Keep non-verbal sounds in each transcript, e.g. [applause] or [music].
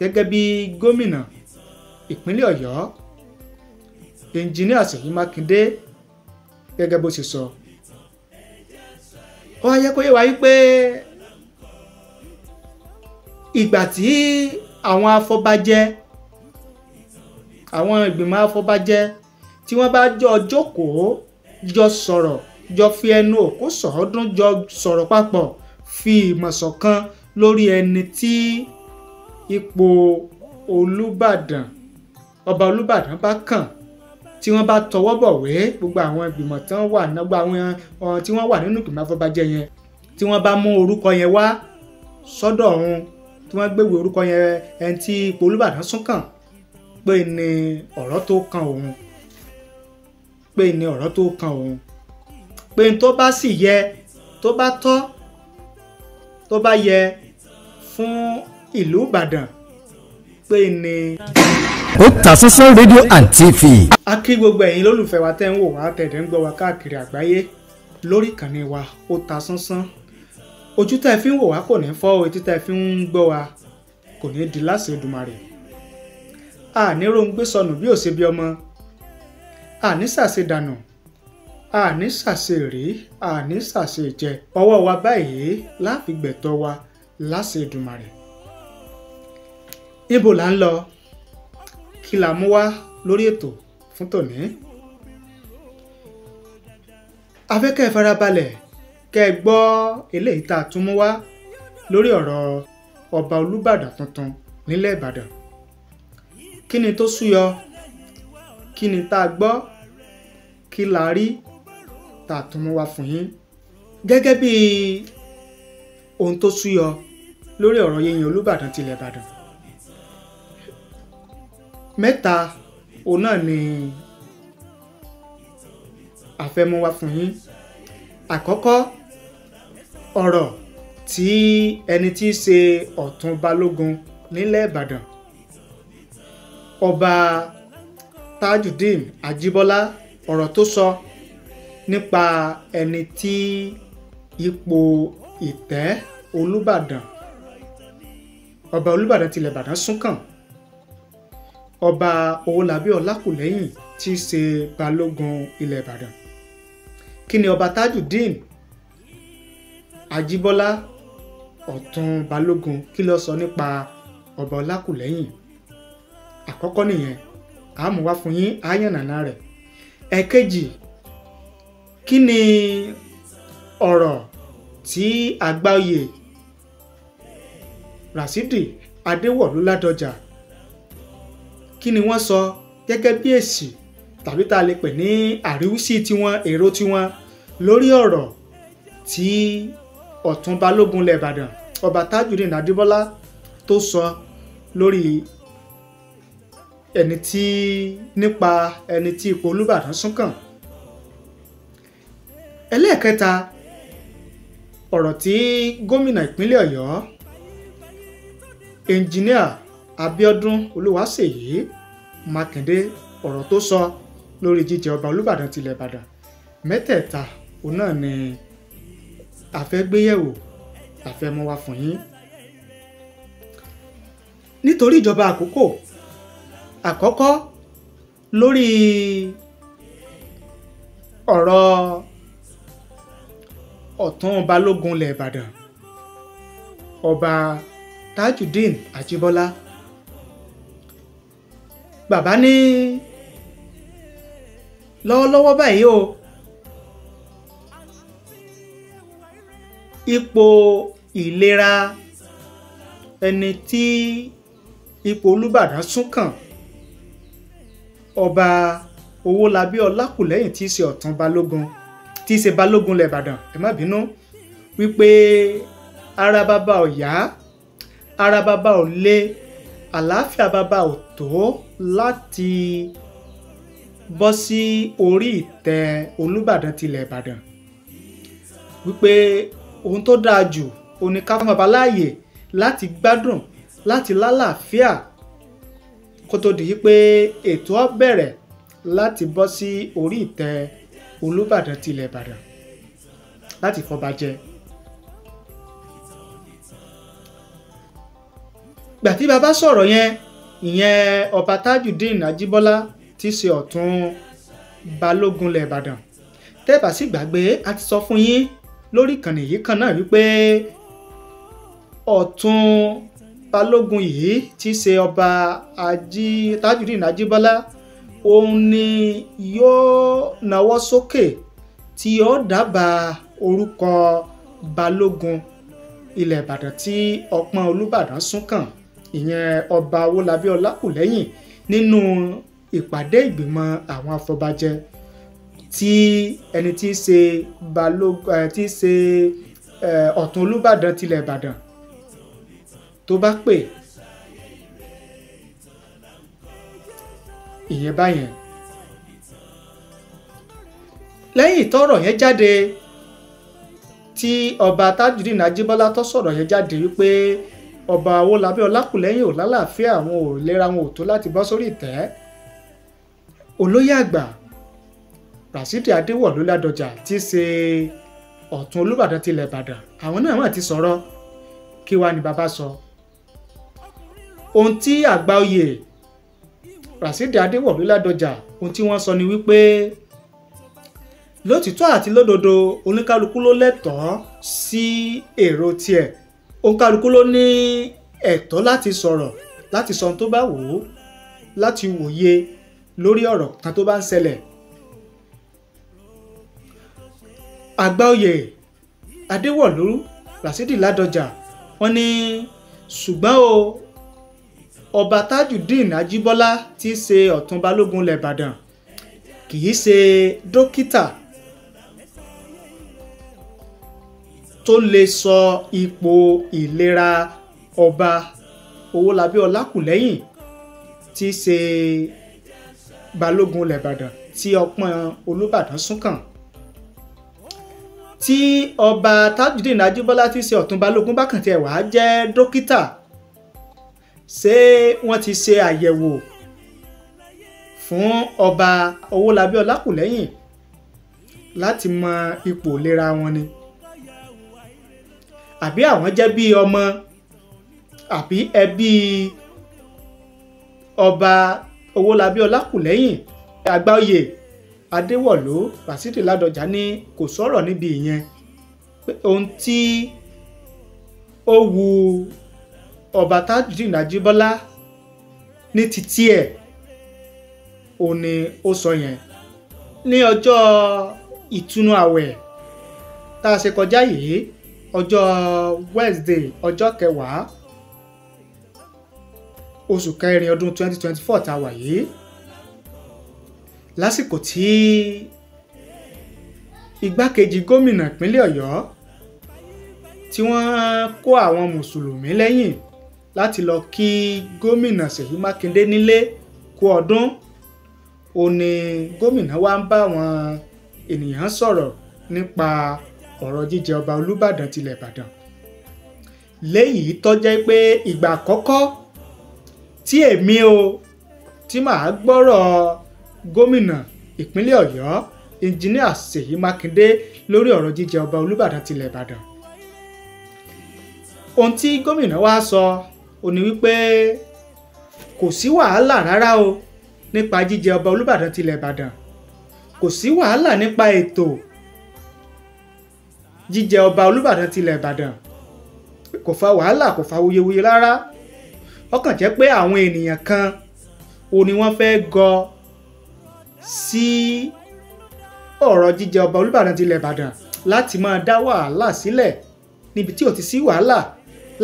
gẹ́gẹ́ bí gómìnà ìpínlẹ̀ ọ̀yọ́ ẹnjìníà ṣèyí mákindé gẹ́gẹ́ bó ṣe sọ. ó yẹ kó yé wa wípé ìgbà tí àwọn afọbajẹ àwọn ìgbìmọ̀ afọbajẹ tí wọ́n bá jọ jókòó jọ sọ̀rọ̀ jọ fi ẹnu òkú sọ̀ọ́dún jọ sọ̀rọ̀ papọ̀ fi ìmọ̀ lórí ẹni tí. Tí ipò olùbàdàn ọba olùbàdàn bá kàn tí wọ́n bá tọwọ́ bọ̀wé gbogbo àwọn ìgbìmọ̀ tí wọ́n wà nígbà àwọn uh, tí wọ́n wà nínú ìgbìmọ̀ afọbajẹ yẹn tí wọ́n bá mú orúkọ yẹn wá sọ́dọ̀ ọ̀run tí wọ́n gbéwé orúkọ yẹn ẹni tí ipò olùbàdàn sún kàn pé ní ọ̀rọ̀ tó kan òun pé ní ọ̀rọ̀ tó kan òun pé tó bá sì yẹ tó bá tọ́ tó bá yẹ fún ìlú ìbàdàn pé ní. Otasansan rédíò and TV. a kí gbogbo ẹ̀yin lólùfẹ́ wa tẹ́ ń wò wá tẹ̀dẹ̀ ń gbọ́ wa káàkiri àgbáyé lórí ìkànnì wa Otasansan ojú tẹ́ ẹ fi ń wò wá kò ní fọ́ etí tẹ́ ẹ fi ń gbọ́ wa kò ní di láṣẹ Èdùmàrè a ní róńgbé sọnù bí òṣè bí ọmọ a ní ṣàṣe dànù a ní ṣàṣe rí a ní ṣàṣe jẹ ọwọ́ wa báyìí láàfin gbẹ̀tọ́ wa láṣẹ Èdùmàrè ibo là ń lọ kí la mú wá lórí ètò fún tòní. afẹ́kẹ́ ẹ farabalẹ̀ kẹ́ ẹ gbọ́ eléyìí tá a tún mú wá lórí ọ̀rọ̀ ọba olúbàdàn tuntun nílẹ̀ ìbàdàn kí ni tó súyọ kí ni tá a gbọ́ kí la rí tá a tún mú wá fún yín gẹ́gẹ́ bí ohun tó súyọ lórí ọ̀rọ̀ yẹyìn olúbàdàn tilẹ̀ ìbàdàn mẹ́ta òun náà ni àfẹmúwa fún yín àkọ́kọ́ ọ̀rọ̀ tí ẹni tí í ṣe ọ̀tún balógun nílẹ̀ ìbàdàn ọba tajudeen ajíbọ́lá ọ̀rọ̀ tó sọ nípa ẹni tí ipò ìtẹ́ olùbàdàn ọba olùbàdàn tilẹ̀ ìbàdàn sún ọba owólabí ọlákùlẹ́yìn tí í ṣe balógun ilẹ̀ ìbàdàn kí ni ọba tajudeen ajíbọ́lá ọ̀tún balógun kí ló sọ nípa ọba ọlákùlẹ́yìn àkọ́kọ́ nìyẹn àmú wá fún yín àyànnàná rẹ̀ ẹ̀kejì kí ni ọ̀rọ̀ tí àgbáyé rasidi adéwọ̀lú ládọjà kí ni wọ́n sọ gẹ́gẹ́ bí èsì tàbí tá a lè pè ní àríwísí tiwọn èrò tiwọn lórí ọ̀rọ̀ tí ọ̀tún balógun ilẹ̀ ìbàdàn ọba tajudeen adébọ́lá tó sọ lórí ẹni tí nípa ẹni tí ipò olúbàdàn sún kàn ẹlẹ́ẹ̀kẹta ọ̀rọ̀ tí gómìnà ìpínlẹ̀ ọ̀yọ́ ẹnjìníà abíọ́dún olúwaṣèyí Mákindé ọ̀rọ̀ tó sọ lórí jíjẹ ọba Olúbàdàn tilẹ̀ Ìbàdàn mẹ́tẹ̀ẹ̀ta òun náà ni àfẹ́gbéyẹ̀wò àfẹ́mú wá fún yín nítorí ìjọba àkókò àkọ́kọ́ lórí ọ̀rọ̀ ọ̀tún balógun ilẹ̀ Ìbàdàn ọba Tajudeen Ajíbọ́lá bàbá ní lọ́wọ́lọ́wọ́ báyìí o ipò ìlera ẹni tí ipò Olúbàdàn sún kàn ọba Owólabí Ọlákùlẹ́yìn tí í ṣe Ọ̀tún Balógun tí í ṣe Balógun lẹ̀bàdàn ẹ má bínú wípé ara bàbá ò ara bàbá ò àlàáfíà bàbá ò tó láti bọ́ sí orí ìtẹ́ Olúbàdàn tilẹ̀ Ìbàdàn wípé ohun tó dáa jù òun ni ká fún bàbá láàyè láti gbádùn láti lálàáfíà kó tó di wípé ètò á bẹ̀rẹ̀ láti bọ́ sí orí ìtẹ́ Olúbàdàn tilẹ̀ Ìbàdàn láti fọba jẹ gbà tí bàbá sọ̀rọ̀ yẹn ìyẹn ọba tajudeen ajíbọ́lá ti ṣe ọ̀tún balógunlẹ̀ ìbàdàn tẹ́ẹ̀bà sì gbàgbé a ti sọ fún yín lórí ìkànnì yìí kan náà wípé ọ̀tún balógun yìí ti ṣe ọba ají tajudeen ajíbọ́lá òun ni yóò nawọ́ sókè tí yóò dábàá orúkọ balógun ilẹ̀ ìbàdàn tí ọpọ́n olúbàdàn sún kàn ìyẹn ọba Owólabí Ọlákùlẹ́yìn nínú ìpàdé ìgbìmọ̀ àwọn afọbajẹ tí ẹni tí í ṣe balógun tí í ṣe ọ̀tún Olúbàdàn tilẹ̀ Ìbàdàn tó bá pè ìyẹn báyẹn lẹ́yìn tọ́rọ̀ yẹn jáde tí ọba Tajudeen Ajíbọ́lá tó sọ̀rọ̀ yẹn jáde wípé ọba Awólabí Ọlákùlẹ́yìn ò lálàáfíà wọn ò lera wọn ò tó láti bọ́ sórí ìtẹ́ olóyè àgbà Rasidi Adéwọ̀lú Ládọjà ti ṣe ọ̀tún Olúbàdàn tilẹ̀ Ìbàdàn àwọn náà mà ti sọ̀rọ̀ kí wàá ní bàbá sọ ohun tí àgbà oyè Rasidi Adéwọ̀lú Ládọjà ohun tí wọ́n sọ ni wípé lótìtọ́ àti lódodo oníkálukú ló lẹ́tọ̀ọ́ sí èrò tiẹ̀ òǹkàlùkù ló ní ẹ̀tọ́ láti sọ̀rọ̀ láti sọ ohun tó bá wò ó láti wòye lórí ọ̀rọ̀ kan tó bá ń ṣẹlẹ̀. àgbáòye adéwọ̀lú rasidi ládọjà wọ́n ní ṣùgbọ́n o ọba tajudeen ajíbọ́lá tí í ṣe ọ̀tún balógun lẹ̀bàdàn kì í ṣe dókítà tó lè sọ ipò ìlera ọba Owólabí Ọlákùlẹ́yìn tí í ṣe balógun ilẹ̀ Ìbàdàn tí ọpọ́n Olúbàdàn sún kàn tí ọba Tajudeen Ajíbọ́lá tí í ṣe ọ̀tún balógun bákan tiẹ̀ wá jẹ́ dókítà ṣé wọ́n ti ṣe àyẹ̀wò fún ọba Owólabí Ọlákùlẹ́yìn láti mọ ipò ìlera wọn ni àbí àwọn jẹ́ bí ọmọ àbí ẹbí ọba owólabí ọlákùlẹ́yìn àgbáòye adéwọ̀lú rasidi ládọjà ní kò sọ̀rọ̀ níbi ìyẹn pé ohun tí ó wu ọba tajudeen ajíbọ́lá ní títí ẹ̀ òun ni ó sọ yẹn ní ọjọ́ ìtúnu àwẹ̀ tá a ṣe kọjá yìí ọjọ́ Wednesday ọjọ́ kẹwàá oṣù kẹrin ọdún 2024 tá a wà yìí lásìkò tí igbákejì gómìnà ìpínlẹ̀ Ọ̀yọ́ tí wọ́n kó àwọn mùsùlùmí lẹ́yìn láti lọ kí gómìnà Ṣèyí Mákindé nílé kú ọdún ó ní gómìnà wa ń bá àwọn ènìyàn sọ̀rọ̀ nípa ọ̀rọ̀ jíjẹ ọba Olúbàdàn tilẹ̀ Ìbàdàn léyìí tọ́jẹ́ pé ìgbà àkọ́kọ́ tí èmi o tí màá gbọ́rọ̀ gómìnà ìpínlẹ̀ Ọ̀yọ́ engineer Ṣèyí Mákindé lórí ọ̀rọ̀ jíjẹ ọba Olúbàdàn tilẹ̀ Ìbàdàn ohun tí gómìnà wa sọ ò ní wípé kò sí wàhálà rárá o nípa jíjẹ ọba Olúbàdàn tilẹ̀ Ìbàdàn kò sí wàhálà nípa ètò jíjẹ ọba Olúbàdàn tilẹ̀ Ìbàdàn kò fa wàhálà kò fa wuyewuye rárá ó kàn jẹ́ pé àwọn ènìyàn kan ò ní wọ́n fẹ́ gọ sí ọ̀rọ̀ jíjẹ ọba Olúbàdàn tilẹ̀ Ìbàdàn láti máa dá wàhálà sílẹ̀ níbi tí ò ti sí wàhálà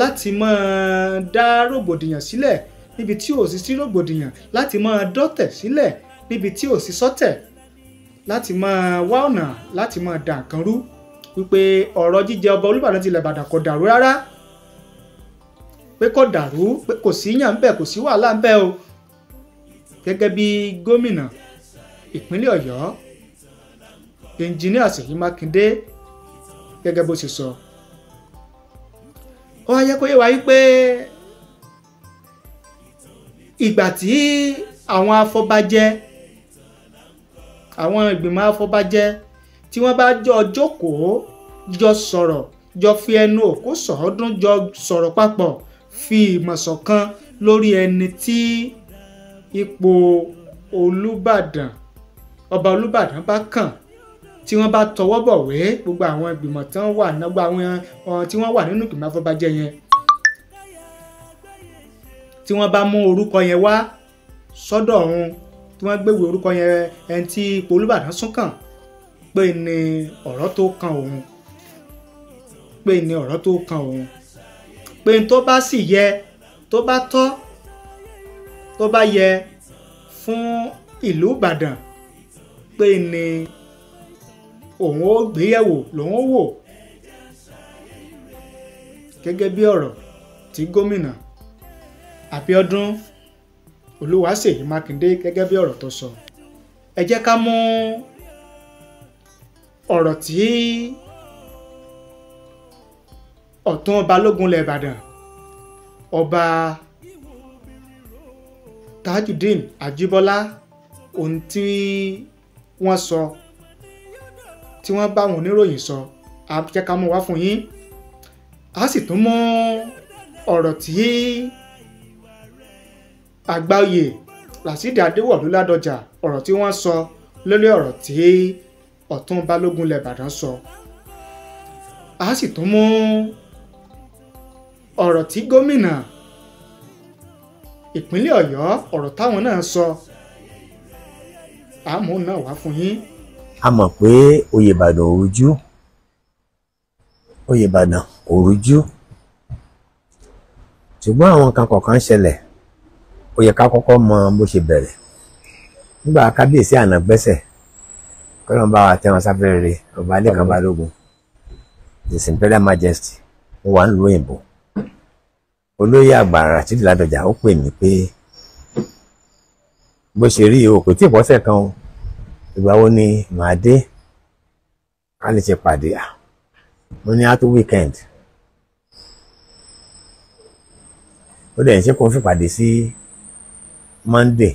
láti máa dá rògbòdìyàn sílẹ̀ níbi tí ò sì sí rògbòdìyàn láti máa dọ́tẹ̀ sílẹ̀ níbi tí o sì sọ́tẹ̀ láti máa wá ọ̀nà láti máa dà nǹkan rú wípé ọ̀rọ̀ jíjẹ ọba Olúbàdàn tilẹ̀ Ìbàdàn kò dàrú rárá pé kò dàrú pé kò sí yàn ń bẹ̀ kò sí wàhálà ń bẹ̀ o gẹ́gẹ́ bí gómìnà ìpínlẹ̀ Ọ̀yọ́ ẹnjìníà Ṣèyí Mákindé gẹ́gẹ́ bó ṣe sọ ó wá kó yé wa wípé ìgbà tí àwọn afọbajẹ àwọn ìgbìmọ̀ afọbajẹ tí wọ́n bá jọ jókòó jọ sọ̀rọ̀ jọ fi ẹnu òkú sọ̀ọ́dún jọ sọ̀rọ̀ papọ̀ fi ìmọ̀ ṣọ̀kan lórí ẹni tí ipò olùbàdàn ọba olùbàdàn bá kàn tí wọ́n bá tọwọ́ bọ̀wé gbogbo àwọn ìgbìmọ̀ tí wọ́n wà nígbà àwọn uh, tí wọ́n wà nínú ìgbìmọ̀ afọbajẹ yẹn tí wọ́n bá mú orúkọ yẹn wá sọ́dọ̀ ọ̀hún tí wọ́n gbéwèé orúkọ yẹn ẹni tí ipò olùbàdàn sún kàn pé ni ọ̀rọ̀ tó kan òun pé ni ọ̀rọ̀ tó kan òun pé tó bá sì yẹ tó bá tọ́ tó bá yẹ fún ìlú Ìbàdàn pé ni òun ó gbéyẹ̀wò lòun ó wò gẹ́gẹ́ bí ọ̀rọ̀ tí gómìnà Abíọ́dún Olúwaṣèyí Mákindé gẹ́gẹ́ bí ọ̀rọ̀ tó sọ ẹ jẹ́ ká mú ọ̀rọ̀ tí ọ̀tún balógun ilẹ̀ ìbàdàn ọba tajudeen ajíbọ́lá ohun tí wọ́n sọ tí wọ́n bá wọn oníròyìn sọ á jẹ́ ká mú wá fún yín á sì tún mú ọ̀rọ̀ tí àgbáyé làsídìí adéwọ̀lú ládọjà ọ̀rọ̀ tí wọ́n sọ lórí ọ̀rọ̀ tí ọ̀tún balógun lẹ́bàdàn sọ a sì tún mú ọ̀rọ̀ tí gómìnà ìpínlẹ̀ ọ̀yọ́ ọ̀rọ̀ táwọn náà sọ àmú náà wá fún yín. a mọ̀ pé oyè ìbàdàn òrujú oyè ìbàdàn òrujú ṣùgbọ́n àwọn kan kọ̀ọ̀kan ṣẹlẹ̀ ó ká kọ́kọ́ mọ bó ṣe bẹ̀rẹ̀ nígbà kábíyèsí àná kọ́nà bá wa tẹ́ wọn sáfẹ́rẹ́ rẹ̀ ọba lẹ́kàn balógun his imperial majesty ó wà nílùú òyìnbó olóyè àgbà Rasheed Ládọjà ó pè mí pé bó ṣe rí o kò tí ì bọ́sẹ̀ kan o ìgbà ni màá dé ká lè ṣe pàdé à mo ní àtó weekend ó dẹ̀ ń ṣe kó fi pàdé sí Monday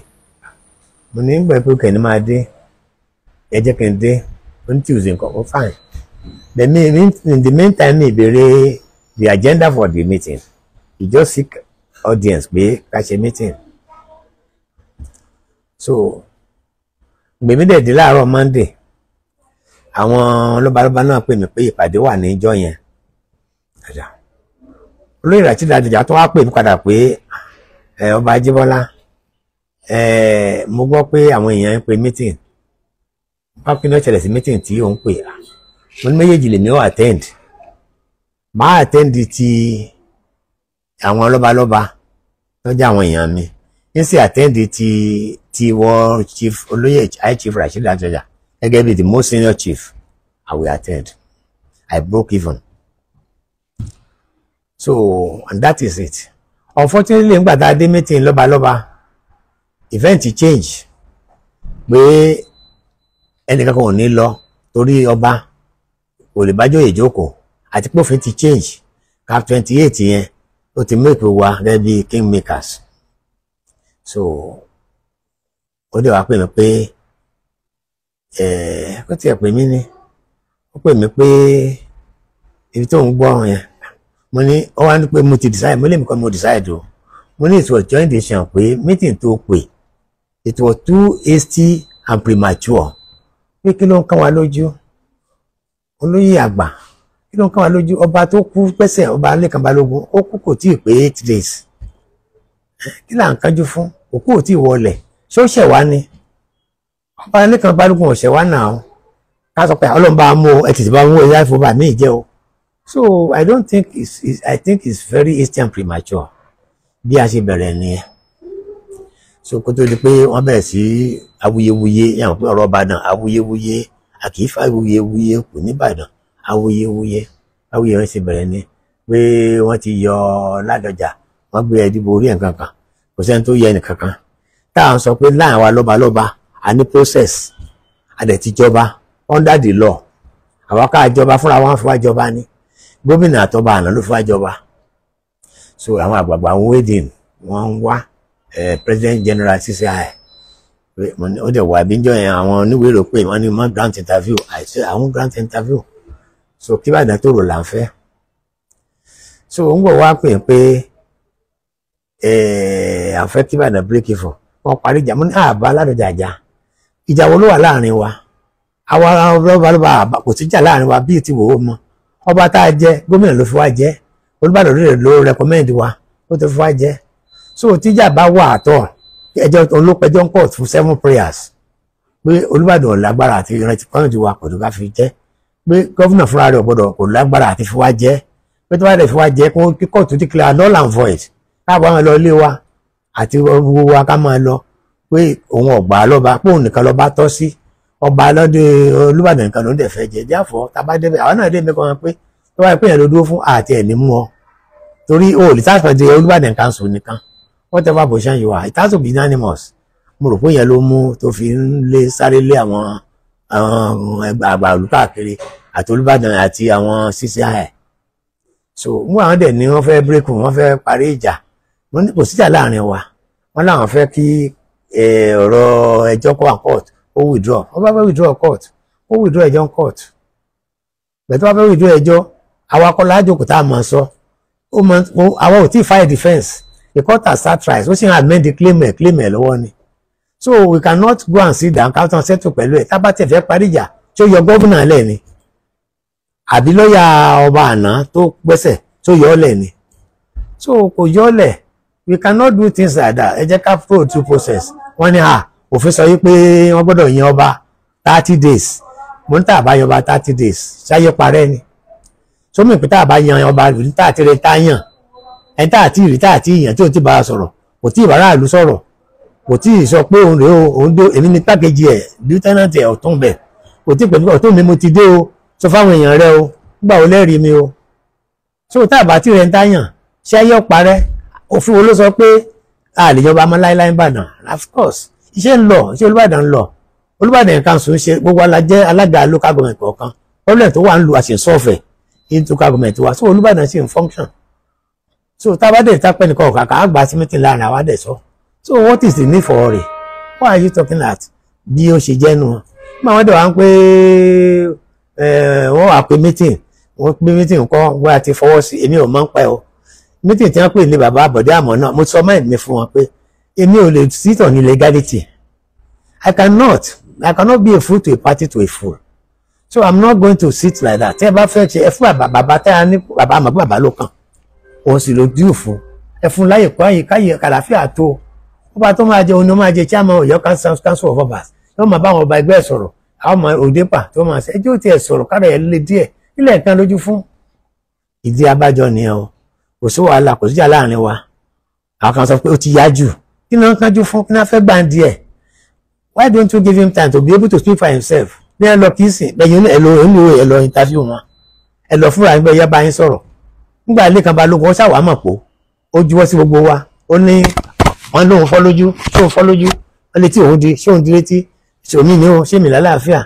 mo ní gbẹ̀pẹ̀ kẹ́ni máa dé ẹ on Tuesday nǹkan fine the main in the meantime mi ìbéèrè the agenda for the meeting you just seek audience pé catch a meeting so gbèmí dẹ̀ dé on Monday àwọn lọ́balọ́ba náà pè mí pé ìpàdé wà níjọ́ yẹn olóyè Rasheed Adija tó wá pè mí padà pé ah, ọba Ajíbọ́lá mo gbọ́ pé àwọn èèyàn ń pe meeting pápínà ṣẹlẹ̀ sí mítìn tí òun pè á mo ní méjèèjì lèmi ó attend máa attend ti àwọn lọ́balọ́ba tó jẹ́ àwọn èèyàn mi ń sì attend ti ti wọ́n chief olóyè high chief Rasheed Ladoja gẹ́gẹ́ bí the most senior chief I will attend I broke even so and that is it unfortunately nígbà tá a dé mítìn lọ́balọ́ba event change pé ẹnìkan kan ò ní lọ torí ọba kò lè bájọ́ ìjókòó àti pófin ti change cap twenty eight yẹn ó ti make wa gẹ́gẹ́ bí kingmakers so ó dẹ̀ wá pè mí pé eh, kó tiẹ̀ pè mí ni ó pè mí pé ibi tó ń gbọ́ yẹn mo ní ó wá ní pé mo ti decide mo lè mi kọ́ mo decide o mo ní it joint decision pé meeting tó pè it was too hasty and premature pé kí ló ń kán wa lójú olóyè àgbà kí ló ń kán wa lójú ọba tó kú pẹ́sẹ̀ ọba Lékan Balógun ó kú kò tíì pé eight days kí là ń kánjú fún òkú ò tíì wọlẹ̀ ṣé ó ṣẹ̀ wá ni ọba Lékan Balógun ò ṣẹ̀ wá náà ká sọ pé ọlọ́run bá mú ẹ tètè bá mú ẹ yáìfọ́ bá mí o so I don't think it's, it's I think it's very instant premature bí a ṣe bẹ̀rẹ̀ nìyẹn so kó tó di pé wọ́n bẹ̀rẹ̀ sí awuyewuye yàrá pé ọ̀rọ̀ Ìbàdàn awuyewuye a kì í fa awuyewuye kù nìbàdàn awuyewuye awuyewuye ṣe bẹ̀rẹ̀ ni pé wọ́n ti yọ Ládọjà wọ́n gbé ẹdìbò orí nǹkan kan kò sẹ́ni tó yẹ nǹkan kan tá à ń sọ pé láàrin wa lọ́ba lọ́ba a ní process a dẹ̀ ti jọba under the law àwa ká jọba fúnra wọn fi wá jọba ni gómìnà àtọba àná ló fi wá jọba so àwọn àgbààgbà ń wọ́n ń wá president general ti ṣe àyè ó dẹ̀ wà bíjọ́ yẹn àwọn oníwèé rò pé wọ́n ní mọ́ grant interview I say I àwọn grant interview so kí bàdàn tó rò là ń so ń bọ̀ wá pè pé àfẹ́ kí bàdàn bíríkì fọ̀ wọ́n parí ìjà mọ́ ní àbá aládọ́jà àjà ìjà wo ló wà láàrin wa àwa ọba ló bá àbá kò síjà láàrin wa bíi ti wò ó mọ ọba tá a jẹ gómìnà ló fi wá jẹ Olúbàdàn ló rẹ ló rẹkọmẹ́ndì wa ló ti fi wá jẹ so tíjà bá wà àtọ̀ ẹjọ́ olópẹjọ́ ń kọ̀ fún seven prayers pé Olúbàdàn lágbára àti ìrántí kọ́nà ti wà pẹ̀lú ká fi jẹ́ pé gọ́vùnà fúnra rẹ̀ ọ̀gbọ́dọ̀ kò lágbára àti fi wá jẹ́ pé tó bá rẹ̀ fi wá jẹ́ kó kíkọ́ tó declare null and void káàbọ̀ àwọn lọ ilé wa àti gbogbo wa ká máa lọ pé òun ọ̀gbà lọ́ba pé òun nìkan lọ́ba tọ́ sí ọba lọ́dẹ Olúbàdàn nìkan ló ń dẹ̀ fẹ́ jẹ díàfọ́ tábà débẹ̀ àwọn náà dé mi kan pé tó bá yẹ pé yẹn ló dúró fún àti ẹ̀ ní mú ọ torí o ò lè sáàsì whatever position you are it has to be unanimous mo rò pé yẹn ló mú tó fi ń lé sáré lé àwọn àgbà olùkàkiri àti Olúbàdàn àti àwọn ṣíṣe ẹ so wọn dẹ ni wọn fẹ́ break wọn fẹ́ parí ìjà wọn ní kò síjà láàrin wa wọn làwọn fẹ́ kí ọ̀rọ̀ ẹjọ́ kó wà court ó withdraw wọn bá fẹ́ withdraw court ó withdraw ẹjọ́ court bẹ́ẹ̀ tó bá fẹ́ withdraw ẹjọ́ awakọ lájòkúta àmọ sọ ó mọ àwọn ò tí ì file defence the court has sat trials ó sì ń amend the claim ẹ̀ claim ẹ̀ lọ́wọ́ ni so we cannot go and sit down káwọn settle pẹ̀lú ẹ̀ tábà tẹ̀ fẹ́ parí ìjà tó yọ gọ́vùnà lẹ̀ ni àbí lọ́ọ̀yà ọba àná tó gbẹ́sẹ̀ tó yọ ọ́ lẹ̀ ni so kò yọ ọ́ lẹ̀ we cannot do things like that ẹ jẹ́ ká follow two process wọ́n ní à òfin sọ wípé wọ́n gbọ́dọ̀ yan ọba thirty days mo ń tà bá yan ọba thirty days ṣáyé parẹ́ ni sómi ìpínlẹ̀ àbá yan ọba lùdí tààtì rẹ̀ tá yàn ẹni tá àti ìrí tá àti ìyàn tí òun ti bá a sọ̀rọ̀ kò tí ìbára àlù sọ̀rọ̀ kò tí ì sọ pé òun rèé o òun dé èmi ni pákéjì ẹ̀ lieutenant ẹ̀ ọ̀tún bẹ̀ kò tí pẹ̀lú ọ̀tún mi mo ti dé o sọ fáwọn èèyàn rẹ o nígbà wo lẹ́rìí mi o so tá àbá tí rẹ̀ ń táyàn ṣé ayé ọ̀parẹ́ òfin wo ló sọ pé a lè jọba ọmọ láéláé ìbàdàn of course iṣẹ́ ń lọ iṣẹ́ olúbàdàn ń lọ olúbàdàn council ń ṣe gbogbo alajẹ́ alága local government kọ̀ọ̀kan problem tó wà ń lu àṣẹ sọ́ọ̀fẹ̀ into government wa so olúbàdàn sì ń function so tábà dẹ̀ nìkan ọ̀kà kà á gbà sí láàrin àwa dẹ̀ sọ so what is the need for ọ̀rẹ́ Why are you talking at bí ó ṣe jẹ́ nu wọn máa wọ́n dẹ̀ wá ń pé eh, wọ́n wà pé mítìn wọ́n pé mítìn kọ́ wọ́n àti fọwọ́ sí èmi ò mọ̀ ń pẹ́ o mítìn tí wọ́n pè ní bàbá àbọ̀dé àmọ́ náà mo sọ mẹ́rin mi fún wọn pé èmi ò lè sit on illegality I cannot I cannot be a fool to a party to a fool so I'm not going to sit like that tẹ́ ẹ bá fẹ́ ṣe ẹ fún bàbá bàbá tẹ́ ẹ ní bàbá àmọ́ bàbá ló kàn òun sì ló díù fún ẹ fún láyè kó àyè káyè kàlàfíà tó ọba tó máa jẹ òun ló máa jẹ chairman Ọ̀yọ́ council of obas yóò máa bá àwọn ọba ẹgbẹ́ sọ̀rọ̀ àwọn ọmọ òdepà tó máa ṣe ẹjọ́ tiẹ̀ sọ̀rọ̀ kára ẹ̀ lé díẹ̀ nílẹ̀ kan lójú fún ìdí abájọ nìyẹn o kò sí wàhálà kò síjà láàrin wa àwọn kan sọ pé ó ti yá jù kí ni wọ́n kánjú fún kí ni wọ́n fẹ́ gbà ń díẹ̀ why don't you give him time to be able to speak for himself bí ẹ lọ kí n sìn lẹ́yìn ẹ lọ ẹ lọ interview wọn ẹ lọ fúnra ẹ bẹ yá bá yín nígbà ilé kan balógun ó ṣàwá mọ̀ pò ó juwọ́ sí gbogbo wa ó ní wọ́n lóun fọ́ lójú ṣóun fọ́ lójú wọ́n létí òun di ṣóun di létí ṣòmí ni ó ṣé mi lálàáfíà.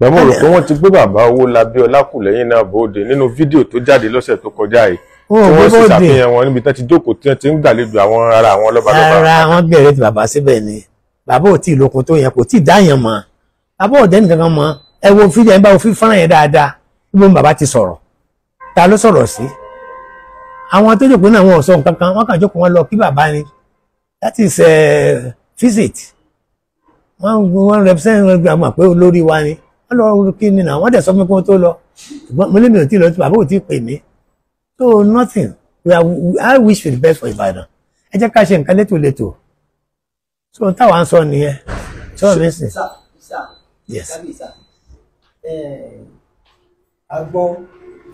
bàbá rò pé wọ́n ti gbé bàbá owó labí ọlákù lẹ́yìn náà bóde nínú fídíò tó jáde lọ́sẹ̀ tó kọjá yìí tí wọ́n sì ṣàfihàn wọn níbi tán ti jókòó tí wọ́n ti ń gbàlejò àwọn ara àwọn lọ́balọ́ba. ara wọn bẹ̀rẹ̀ ni bàbá ò tí ì lókun tó yẹn kò tí ì dáyàn mọ́ bàbá ò dẹ́nìkan kan mọ́ ẹ wo fídíò ẹ bá wo fí fọ́nrán ta ló sọ̀rọ̀ sí àwọn tó jòkó náà wọn sọ nǹkan kan wọn kàn jókòó wọn lọ kí bàbá ni that is a eh, visit wọn wọn represent àwọn àpé olórí wa ni wọn lọ kí ni náà wọn dẹ̀ sọ fún mi kí wọn tó lọ ṣùgbọ́n mo lè mi ò tí bàbá ò tí pè mí so nothing we are, I wish for the best for Ibadan ẹ jẹ́ ká ṣe nǹkan létò létò so n táwa sọ nìyẹn tí wọ́n mi ń sìn. yes. Eh, a gbọ́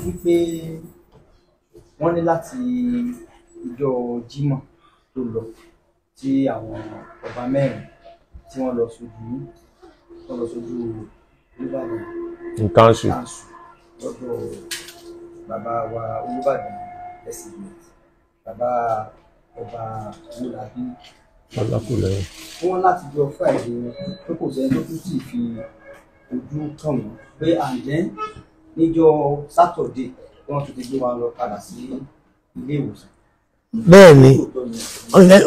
wípé wọ́n ní láti ìjọ Jímọ̀ tó lọ tí àwọn ọba mẹ́rin tí wọ́n lọ sójú wọ́n lọ sójú Olúbàdàn nkanṣu lọ́dọ̀ bàbá wa Olúbàdàn estimate bàbá ọba wúlàbí alákùlẹ̀ wọ́n láti jọ Friday pé kò sẹ́ni tó kù sí fi ojú kàn wọ́n pé àǹdẹ́ níjọ́ sátọ̀dé wọ́n tún ti gbé wa lọ padà sí ilé ìwòsàn. bẹ́ẹ̀ ni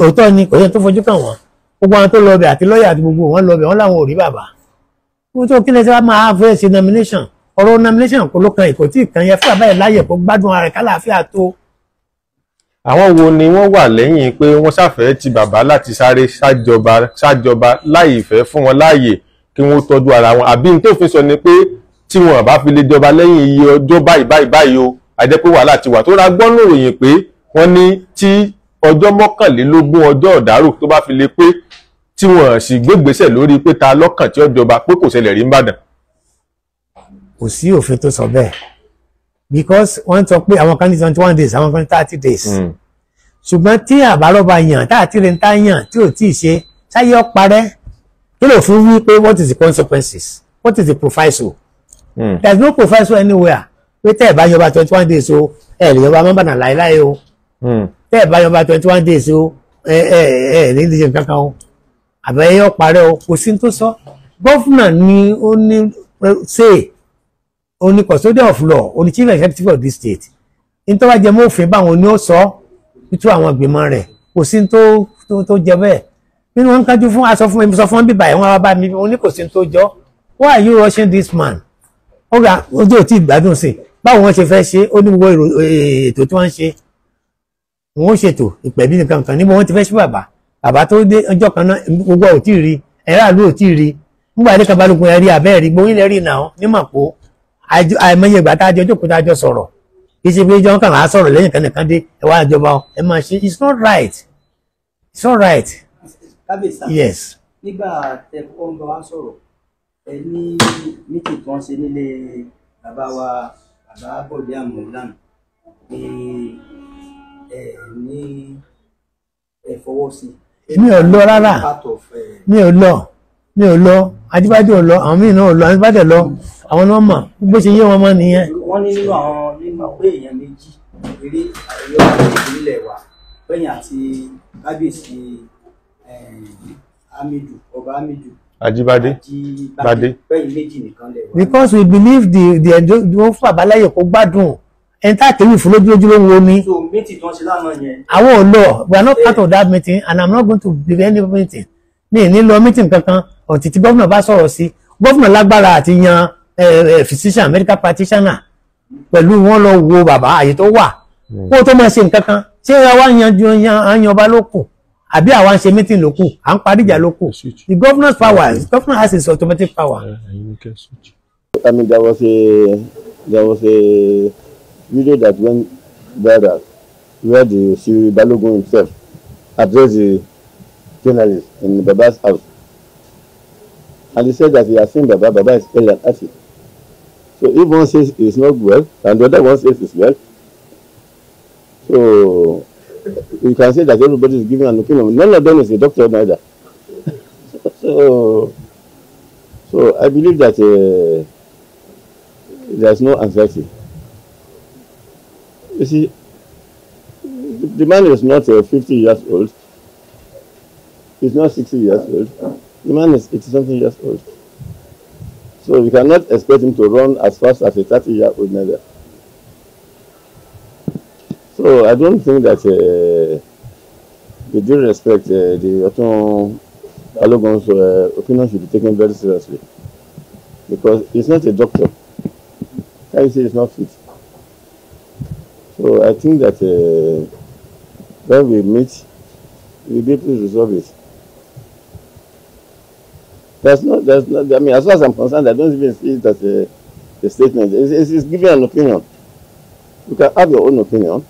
òótọ́ ni kò yẹ tó fojú kàn wọ́n gbogbo àwọn tó lọ bẹ̀ àti lọ́ọ̀yà àti gbogbo wọn lọ bẹ̀ wọ́n làwọn ò rí bàbá wọ́n tó kí lẹ́sẹ̀ wá máa fẹ́ ṣe nomination ọ̀rọ̀ nomination kò ló kan ìkò tí kan yẹ fún àbáyé láyè kó gbádùn ara kálàáfíà tó. àwọn wo ni wọ́n wà lẹ́yìn pé wọ́n ṣàfẹ́ ti bàbá láti sáré ṣàjọba ṣàjọba láì fẹ́ fún wọn láàyè kí wọ́n tọ́jú ara wọn àbí n tó fi sọ ni pé tí wọn bá fi lè jọba lẹ́yìn iye ọjọ́ báyìí báyìí báyìí o àjẹ́ pé wàhálà ti wà tó ra gbọ́n lòròyìn pé wọ́n ní tí ọjọ́ mọ́kànlélógún ọjọ́ ọ̀dàrú tó bá fi lè pé tí wọn sì gbégbésẹ̀ lórí pé ta lọ́kàn tí ó jọba pé kò ṣẹlẹ̀ rí nìbàdàn. kò sí òfin tó sọ bẹ́ẹ̀ because wọ́n sọ pé àwọn kan ní twenty one days àwọn kan ní thirty days hmm. ṣùgbọ́n tí àbárọ̀bà yàn táàtì rẹ̀ ń tá yàn tí ò tí ì ṣe ṣáyé ọ̀parẹ́ kí ló fún wí pé what is the consequences what is the proviso Mm. There's no professor anywhere pé tẹ́ ẹ̀ bá yọba twenty one days o ẹ̀ lè yọba mọ́bànà láéláé o hmm. tẹ́ ẹ̀ bá yọba twenty one days o ẹ̀ ẹ̀ ẹ̀ ní ìdíje kankan o àbẹ̀ yọ parẹ́ o kò sí tó sọ gọ́fúnà ni ó ní ṣe ó ní custodian of law ó ní chief executive of the state ní tó bá jẹ mọ́ òfin báwọn ni ó sọ nítú àwọn ìgbìmọ̀ rẹ̀ kò sí tó tó jẹ bẹ́ẹ̀ nínú wọn ń kájú fún aṣọ fún mi sọ fún bíbá ẹ̀ wọn wá bá mi ó ní kò sí tó jọ why are you rushing this man ọ̀gá ojú ò tí ì gbádùn sí báwo wọ́n ṣe fẹ́ ṣe ó ní gbogbo e, ètò tí wọ́n ń ṣe wọ́n ṣètò ìpẹ̀bí nìkan kan níbo wọ́n ti fẹ́ ṣe bàbá bàbá tó dé ọjọ́ kan náà gbogbo ò tí ì rí ẹ̀rọ àlú ò tí ì rí nígbà ilé kabalógun ẹ̀rí abẹ́ẹ̀rí gbóyún lẹ́rí náà ní màpó àìmọye ìgbà tá a jọ jókòó tá jọ sọ̀rọ̀ kì í ṣe pé jọ kàn á sọ̀rọ̀ lẹ́yìn kan nìkan dé ẹ wá ìjọba ẹ máa ṣe it's not right it's not right. kábíyèsí yes. nígbà tẹ ọgbà wa sọ̀rọ̀ ẹ ní mítì kan ṣe nílé bàbá wa bàbá bọ̀dé àmọ̀lánà pé ẹ ní ẹ fọwọ́ sí. mi ò lọ rárá mi ò lọ mi ò lọ adibade ò lọ àwọn míì náà ò lọ adibade lọ àwọn náà mà bó ṣe yé wọn mọ nìyẹn. wọ́n ní nínú àwọn mímọ̀ pé èèyàn méjì eré àyẹ̀wò ìpínlẹ̀ wa lẹ́yìn àti kábíyèsí hamidu ọba hamidu Ajibade. Ajibade. Because we believe the the ẹjọ́ wọ́n fún Babalaye kó gbádùn ẹni tá àtẹ̀wé fún lójúlójú ló ń wo ni. So meeting tó ń ṣe lánàá yẹn. Àwọn ò lọ, we are not part of that meeting and I'm not going to be any meeting. Mi ní lọ meeting kankan ọ̀tí tí gómìnà bá sọ̀rọ̀ sí. Gómìnà lágbára àti yan physician medical practitioner pẹ̀lú wọn lọ wo bàbá àyè tó wà. Hmm. Kó tó máa ṣe nǹkan kan, ṣé ẹ wá yan ọba lókun? àbí àwa ń ṣe meeting ló kù à ń parí ìjà ló the governor's power the governor has his automatic power. I mean, there was a there was a video that went viral where the Siri Balogun himself addressed the journalist in Baba's house. And he said that he has seen Baba, Baba is ill and acid. So if one says he's not well, and the other one says he's well, so you can say that everybody is giving an opinion. None of them is a doctor neither. [laughs] so, so I believe that uh, there's no anxiety. You see, the man is not uh, 50 years old. He's not 60 years old. The man is 80 something years old. So you cannot expect him to run as fast as a 30 year old neither. So I don't think that, uh, with due respect, uh, the Oton Balogun's uh, opinion should be taken very seriously because he's not a doctor. Can you say he's not fit? So I think that uh, when we meet, we be able to resolve it. There's no, there's not, I mean, as far as I'm concerned, I don't even see it as a, a statement. It's, it's, it's giving an opinion. You can have your own opinion.